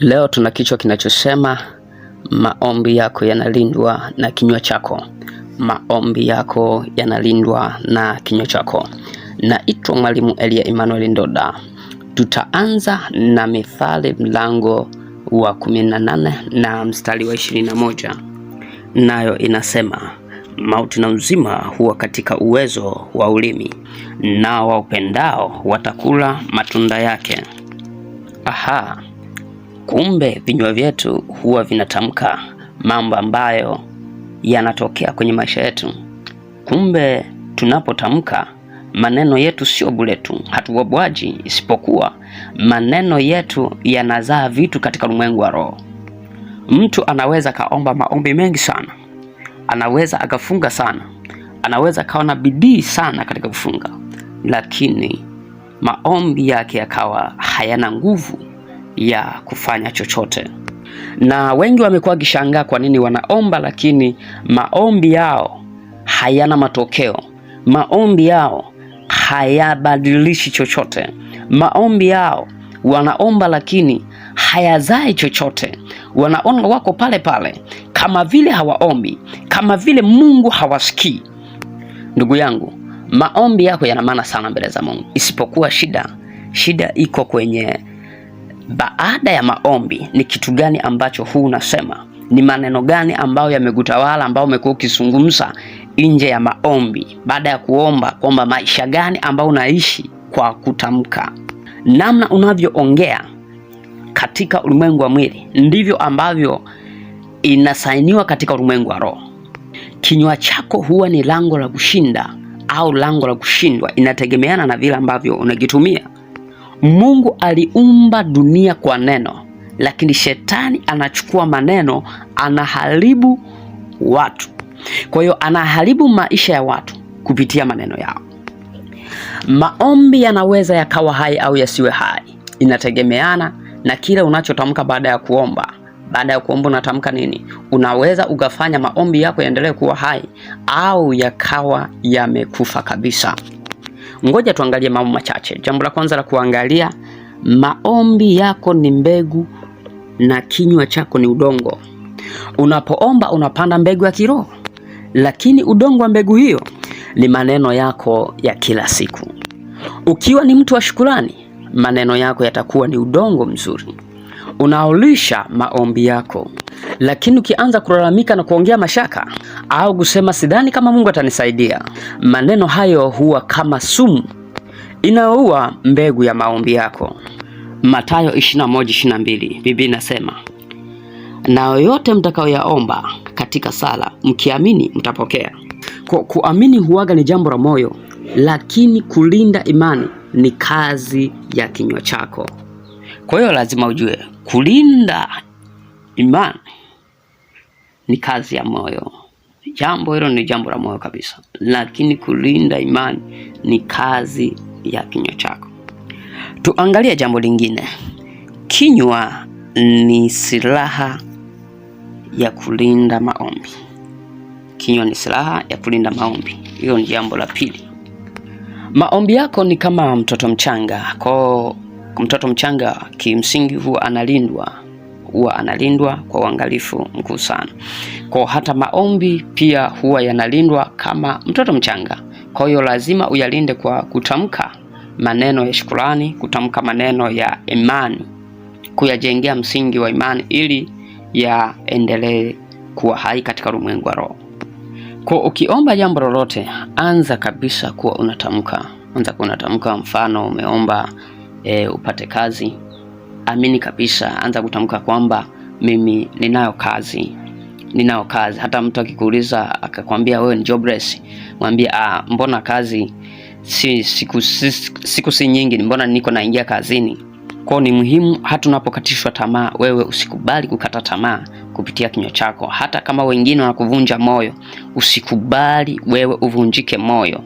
Leo tuna kichwa kinachosema maombi yako yanalindwa na kinywa chako. Maombi yako yanalindwa na kinywa chako. Naitwa Mwalimu Elia Emmanuel Ndoda. Tutaanza na Mithali mlango wa 18 na mstari wa 21, nayo inasema Mauti na uzima huwa katika uwezo wa ulimi, nao waupendao watakula matunda yake. Aha. Kumbe vinywa vyetu huwa vinatamka mambo ambayo yanatokea kwenye maisha yetu. Kumbe tunapotamka maneno yetu sio bure tu, hatuwabwaji, isipokuwa maneno yetu yanazaa vitu katika ulimwengu wa roho. Mtu anaweza akaomba maombi mengi sana, anaweza akafunga sana, anaweza akawa na bidii sana katika kufunga, lakini maombi yake yakawa hayana nguvu ya kufanya chochote. Na wengi wamekuwa wakishangaa kwa nini wanaomba lakini maombi yao hayana matokeo, maombi yao hayabadilishi chochote, maombi yao wanaomba lakini hayazai chochote. Wanaona wako pale pale, kama vile hawaombi, kama vile Mungu hawasikii. Ndugu yangu, maombi yako yana maana sana mbele za Mungu, isipokuwa shida, shida iko kwenye baada ya maombi ni kitu gani ambacho huu unasema? Ni maneno gani ambayo yamekutawala, ambao umekuwa ukizungumza nje ya maombi, baada ya kuomba, kwamba maisha gani ambayo unaishi kwa kutamka? Namna unavyoongea katika ulimwengu wa mwili ndivyo ambavyo inasainiwa katika ulimwengu wa roho. Kinywa chako huwa ni lango la kushinda au lango la kushindwa, inategemeana na vile ambavyo unakitumia. Mungu aliumba dunia kwa neno, lakini shetani anachukua maneno, anaharibu watu. Kwa hiyo anaharibu maisha ya watu kupitia maneno yao. Maombi yanaweza yakawa hai au yasiwe hai, inategemeana na kile unachotamka baada ya kuomba. Baada ya kuomba unatamka nini? Unaweza ukafanya maombi yako yaendelee kuwa hai au yakawa yamekufa kabisa. Ngoja tuangalie mambo machache. Jambo la kwanza la kuangalia, maombi yako ni mbegu na kinywa chako ni udongo. Unapoomba unapanda mbegu ya kiroho, lakini udongo wa mbegu hiyo ni maneno yako ya kila siku. Ukiwa ni mtu wa shukurani, maneno yako yatakuwa ni udongo mzuri unaolisha maombi yako, lakini ukianza kulalamika na kuongea mashaka au kusema sidhani kama Mungu atanisaidia, maneno hayo huwa kama sumu inayoua mbegu ya maombi yako. Mathayo 21:22 Biblia inasema, na yoyote mtakayoyaomba katika sala, mkiamini mtapokea. Kwa kuamini huwaga ni jambo la moyo, lakini kulinda imani ni kazi ya kinywa chako. Kwa hiyo lazima ujue kulinda imani ni kazi ya moyo. Jambo hilo ni jambo la moyo kabisa, lakini kulinda imani ni kazi ya kinywa chako. Tuangalie jambo lingine. Kinywa ni silaha ya kulinda maombi. Kinywa ni silaha ya kulinda maombi. Hilo ni jambo la pili. Maombi yako ni kama mtoto mchanga. Kwa mtoto mchanga kimsingi huwa analindwa huwa analindwa kwa uangalifu mkuu sana. Kwa hata maombi pia huwa yanalindwa kama mtoto mchanga. Kwa hiyo lazima uyalinde kwa kutamka maneno ya shukurani, kutamka maneno ya imani, kuyajengea msingi wa imani ili yaendelee kuwa hai katika ulimwengu wa roho. Kwa ukiomba jambo lolote, anza kabisa kuwa unatamka, anza kuwa unatamka. Mfano umeomba e, upate kazi amini kabisa, anza kutamka kwamba mimi ninayo kazi, ninayo kazi. Hata mtu akikuuliza akakwambia wewe ni jobless, mwambie ah, mbona kazi si siku si, siku si nyingi, mbona niko naingia kazini. Kwa ni muhimu, hata unapokatishwa tamaa, wewe usikubali kukata tamaa kupitia kinywa chako. Hata kama wengine wanakuvunja moyo, usikubali wewe uvunjike moyo.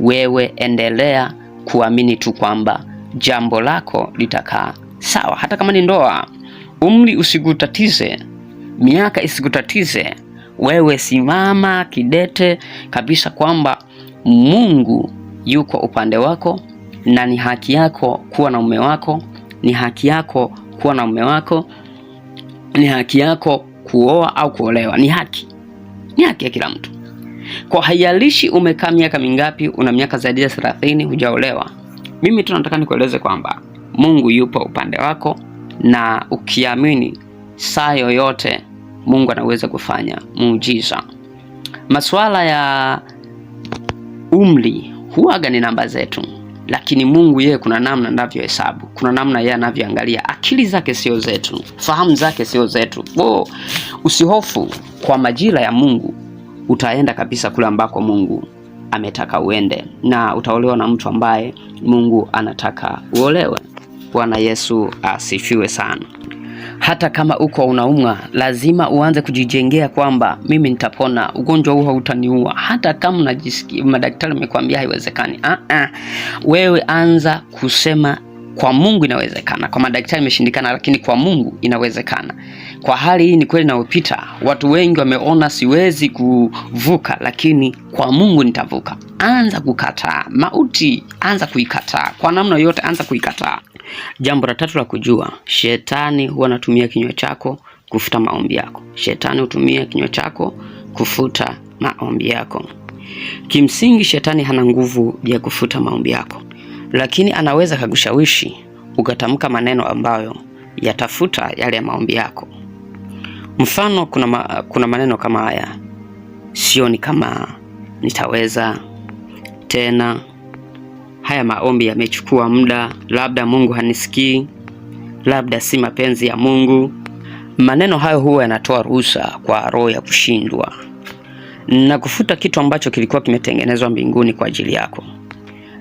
Wewe endelea kuamini tu kwamba jambo lako litakaa sawa, hata kama ni ndoa. Umri usikutatize, miaka isikutatize. Wewe simama kidete kabisa kwamba Mungu yuko upande wako na ni haki yako kuwa na mume wako, ni haki yako kuwa na mume wako, ni haki yako kuoa au kuolewa. Ni haki, ni haki ya kila mtu, kwa haijalishi umekaa miaka mingapi. Una miaka zaidi ya 30 hujaolewa, mimi tu nataka nikueleze kwamba Mungu yupo upande wako, na ukiamini saa yoyote Mungu anaweza kufanya muujiza. Masuala ya umri huaga ni namba zetu, lakini Mungu yeye kuna namna anavyohesabu, kuna namna yeye anavyoangalia. Akili zake sio zetu, fahamu zake sio zetu. Oh, usihofu kwa majira ya Mungu, utaenda kabisa kule ambako Mungu ametaka uende, na utaolewa na mtu ambaye Mungu anataka uolewe. Bwana Yesu asifiwe sana. Hata kama uko unaumwa, lazima uanze kujijengea kwamba mimi nitapona, ugonjwa huu hautaniua. Hata kama unajisikia madaktari wamekwambia haiwezekani, ah, ah, wewe anza kusema kwa Mungu inawezekana. Kwa madaktari imeshindikana, lakini kwa Mungu inawezekana. Kwa hali hii ni kweli inayopita, watu wengi wameona siwezi kuvuka, lakini kwa Mungu nitavuka. Anza kukataa mauti, anza kuikataa kwa namna yoyote, anza kuikataa. Jambo la tatu la kujua, shetani huwa anatumia kinywa chako kufuta maombi yako. Shetani hutumia kinywa chako kufuta maombi yako. Kimsingi, shetani hana nguvu ya kufuta maombi yako lakini anaweza kakushawishi ukatamka maneno ambayo yatafuta yale ya maombi yako. Mfano, kuna, ma, kuna maneno kama haya: sioni kama nitaweza tena, haya maombi yamechukua muda, labda Mungu hanisikii, labda si mapenzi ya Mungu. Maneno hayo huwa yanatoa ruhusa kwa roho ya kushindwa na kufuta kitu ambacho kilikuwa kimetengenezwa mbinguni kwa ajili yako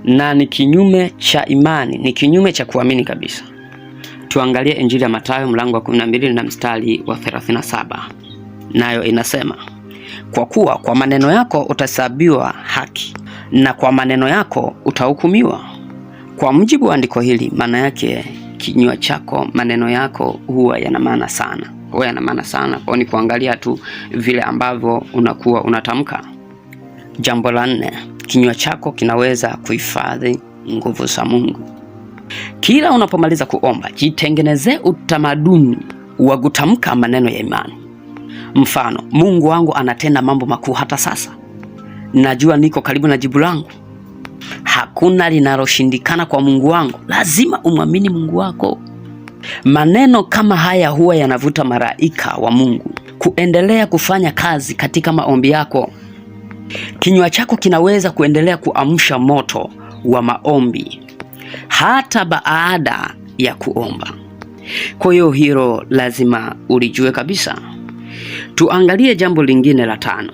na ni kinyume cha imani, ni kinyume cha kuamini kabisa. Tuangalie Injili ya Mathayo mlango wa 12 na mstari wa 37, nayo inasema kwa kuwa kwa maneno yako utahesabiwa haki na kwa maneno yako utahukumiwa. Kwa mujibu wa andiko hili, maana yake kinywa chako, maneno yako huwa yana maana sana, huwa yana maana sana. Kwa ni kuangalia tu vile ambavyo unakuwa unatamka. Jambo la nne, kinywa chako kinaweza kuhifadhi nguvu za Mungu. Kila unapomaliza kuomba, jitengenezee utamaduni wa kutamka maneno ya imani. Mfano, Mungu wangu anatenda mambo makuu hata sasa. Najua niko karibu na jibu langu. Hakuna linaloshindikana kwa Mungu wangu. Lazima umwamini Mungu wako. Maneno kama haya huwa yanavuta malaika wa Mungu kuendelea kufanya kazi katika maombi yako. Kinywa chako kinaweza kuendelea kuamsha moto wa maombi hata baada ya kuomba. Kwa hiyo hilo lazima ulijue kabisa. Tuangalie jambo lingine la tano,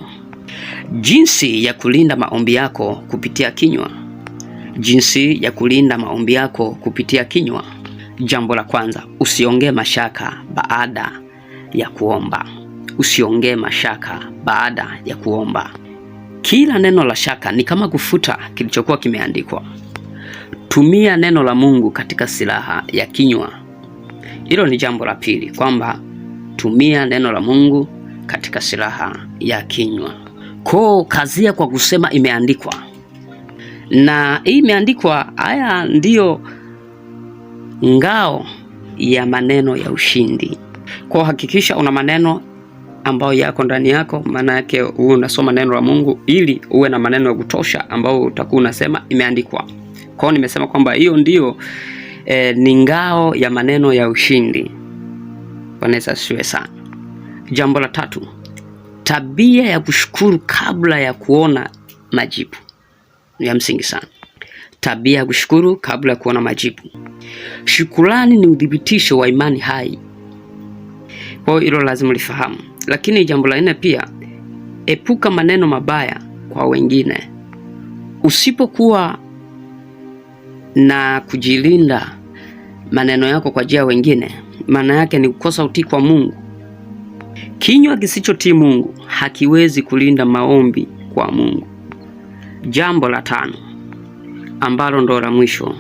jinsi ya kulinda maombi yako kupitia kinywa. Jinsi ya kulinda maombi yako kupitia kinywa. Jambo la kwanza, usiongee mashaka baada ya kuomba. Usiongee mashaka baada ya kuomba. Kila neno la shaka ni kama kufuta kilichokuwa kimeandikwa. Tumia neno la Mungu katika silaha ya kinywa. Hilo ni jambo la pili, kwamba tumia neno la Mungu katika silaha ya kinywa. Koo kazia kwa kusema imeandikwa, na hii imeandikwa, haya ndiyo ngao ya maneno ya ushindi. Kwa hakikisha una maneno ambayo yako ndani yako, maana yake uwe unasoma neno la Mungu ili uwe na maneno ya kutosha ambayo utakuwa unasema imeandikwa. Kwa hiyo nimesema kwamba hiyo ndio e, ni ngao ya maneno ya ushindi. Wanaweza siwe sana. Jambo la tatu, tabia ya kushukuru kabla ya kuona majibu ni ya msingi sana. Tabia ya kushukuru kabla ya kuona majibu. Shukurani ni udhibitisho wa imani hai. Kwa hiyo hilo lazima lifahamu. Lakini jambo la nne pia, epuka maneno mabaya kwa wengine. Usipokuwa na kujilinda maneno yako kwa njia ya wengine, maana yake ni kukosa utii kwa Mungu. Kinywa kisichotii Mungu hakiwezi kulinda maombi kwa Mungu. Jambo la tano ambalo ndo la mwisho,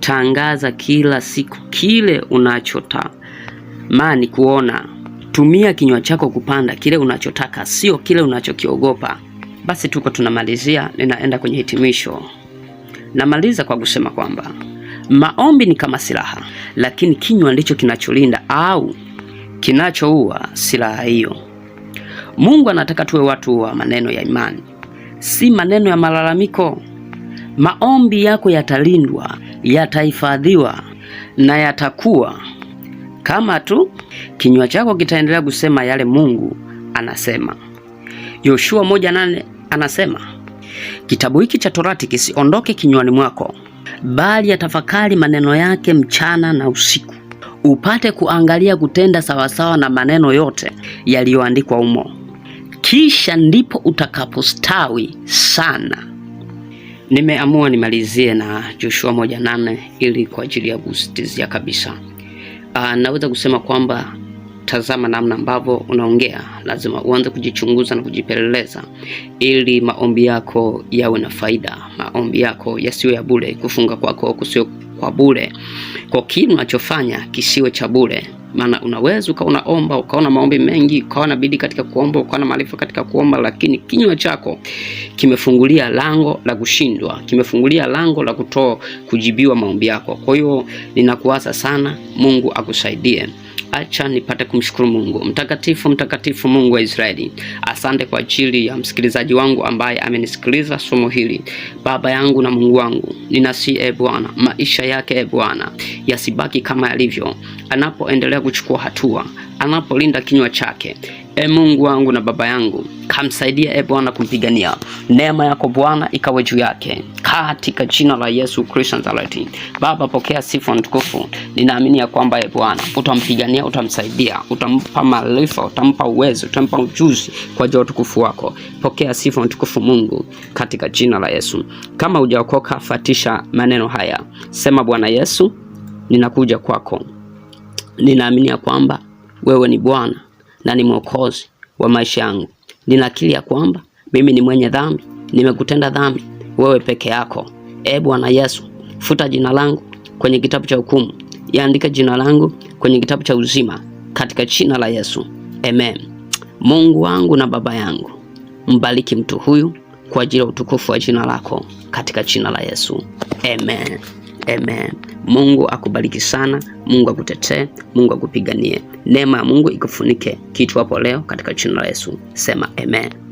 tangaza kila siku kile unachotamani kuona tumia kinywa chako kupanda kile unachotaka, sio kile unachokiogopa. Basi tuko tunamalizia, ninaenda kwenye hitimisho. Namaliza kwa kusema kwamba maombi ni kama silaha, lakini kinywa ndicho kinacholinda au kinachoua silaha hiyo. Mungu anataka tuwe watu wa maneno ya imani, si maneno ya malalamiko. Maombi yako yatalindwa, yatahifadhiwa na yatakuwa kama tu kinywa chako kitaendelea kusema yale Mungu anasema. Yoshua moja nane anasema kitabu hiki cha Torati kisiondoke kinywani mwako, bali yatafakari maneno yake mchana na usiku, upate kuangalia kutenda sawasawa na maneno yote yaliyoandikwa humo, kisha ndipo utakapostawi sana. Nimeamua nimalizie na Joshua moja nane ili kwa ajili ya kusitizia kabisa. Uh, naweza kusema kwamba tazama namna ambavyo unaongea, lazima uanze kujichunguza na kujipeleleza ili maombi yako yawe na faida, maombi yako yasiwe ya bure, kufunga kwako kusio kwa bure, kwa kile unachofanya kisiwe cha bure maana unaweza ukawa unaomba ukawa na maombi mengi ukawa na bidii katika kuomba ukawa na maarifa katika kuomba, lakini kinywa chako kimefungulia lango la kushindwa, kimefungulia lango la kutoa kujibiwa maombi yako. Kwa hiyo ninakuasa sana, Mungu akusaidie. Acha nipate kumshukuru Mungu. Mtakatifu, mtakatifu Mungu wa Israeli, asante kwa ajili ya msikilizaji wangu ambaye amenisikiliza somo hili. Baba yangu na Mungu wangu, ninasi e ee Bwana, maisha yake e Bwana yasibaki kama yalivyo, anapoendelea kuchukua hatua anapolinda kinywa chake. E Mungu wangu na Baba yangu, kamsaidia e Bwana kumpigania. Neema yako Bwana ikawe juu yake katika jina la Yesu Kristo Nazareti. Baba, pokea sifa na tukufu. Ninaamini ya kwamba e Bwana utampigania, utamsaidia, utampa maarifa, utampa uwezo, utampa ujuzi kwa ajili ya utukufu wako. Pokea sifa na tukufu Mungu katika jina la Yesu. Kama hujaokoka, fatisha maneno haya, sema: Bwana Yesu, ninakuja kwako, ninaamini ya kwamba wewe ni Bwana na ni mwokozi wa maisha yangu. Ninakiri ya kwamba mimi ni mwenye dhambi, nimekutenda dhambi wewe peke yako. E Bwana Yesu, futa jina langu kwenye kitabu cha hukumu, yaandike jina langu kwenye kitabu cha uzima, katika jina la Yesu, amen. Mungu wangu na Baba yangu, mbariki mtu huyu kwa ajili ya utukufu wa jina lako, katika jina la Yesu, amen, amen. Mungu akubariki sana, Mungu akutetee, Mungu akupiganie. Neema ya Mungu ikufunike kitu hapo leo katika jina la Yesu. Sema amen.